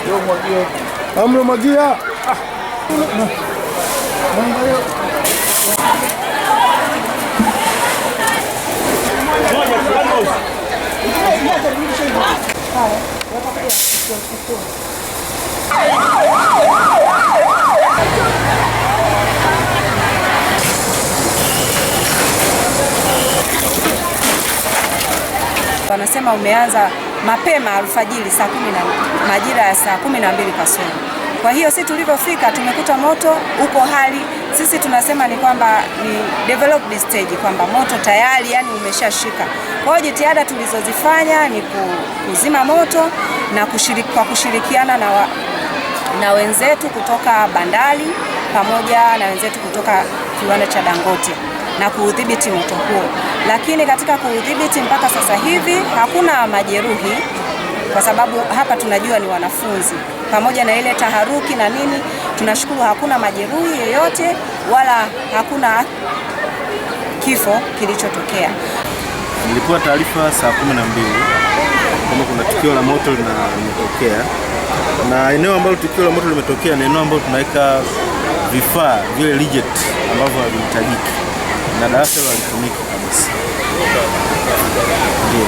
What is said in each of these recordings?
Magia. wanasema umeanza mapema alfajiri saa kumi na majira ya saa kumi na mbili kasoro. Kwa hiyo sisi tulivyofika tumekuta moto uko hali, sisi tunasema ni kwamba ni developed stage kwamba moto tayari yani umeshashika. Kwa hiyo jitihada tulizozifanya ni kuzima moto na kushiriki, kwa kushirikiana na, wa, na wenzetu kutoka bandari pamoja na wenzetu kutoka kiwanda cha Dangote na kuudhibiti moto huo, lakini katika kuudhibiti mpaka sasa hivi hakuna majeruhi, kwa sababu hapa tunajua ni wanafunzi, pamoja na ile taharuki na nini. Tunashukuru hakuna majeruhi yoyote wala hakuna kifo kilichotokea. Nilikuwa taarifa saa 12 kama kuna tukio la moto limetokea, na eneo ambalo tukio la moto limetokea ni eneo ambalo tunaweka vifaa vile reject ambavyo havihitajiki na darasa hilo lilitumika kabisa. Ndio.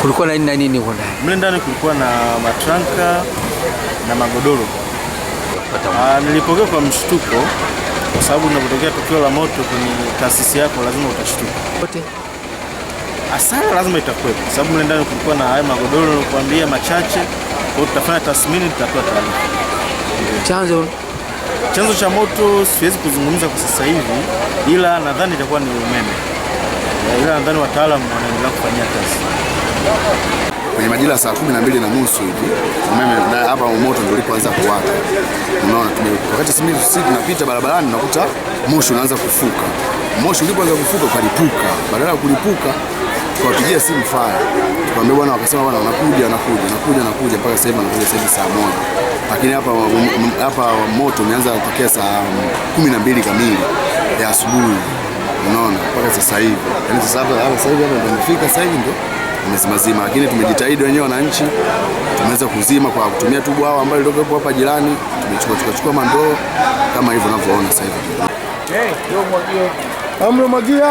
Kulikuwa na nini nini huko ndani? Mle ndani kulikuwa na matranka na magodoro. Ah, nilipokea kwa mshtuko kwa sababu unapotokea tukio la moto kwenye taasisi yako lazima utashtuka. Wote. Asara lazima itakuwepo kwa sababu mle ndani kulikuwa na haya magodoro nilikwambia machache, kwa hiyo tutafanya tathmini, tutatoa taarifa. Chanzo Chanzo cha moto siwezi kuzungumza kwa sasa hivi, ila nadhani itakuwa ni umeme, ila nadhani wataalamu wanaendelea kufanyia kazi. Kwenye majira saa kumi na mbili na nusu hivi umeme hapa moto ndio ulipoanza kuwaka. Unaona, wakati sisi tunapita barabarani nakuta moshi unaanza kufuka. Moshi ulipoanza kufuka ukalipuka, badala ya kulipuka tukawapigia simu faya, tukaambia bwana, wakasema bwana, wanakuja wanakuja wanakuja wanakuja mpaka sasa hivi wanakuja sasa hivi saa moja, lakini hapa hapa moto umeanza kutokea saa kumi na mbili kamili ya asubuhi, unaona mpaka sasa hivi, Yani sasa hapa sasa hivi hapa tumefika sasa hivi ndo mazima, lakini tumejitahidi wenyewe wananchi, tumeweza kuzima kwa kutumia tu bwawa ambalo lilokuwepo hapa jirani, tumechukua chukua chukua mandoo kama hivyo unavyoona sasa hivi. Hey, amlomwagia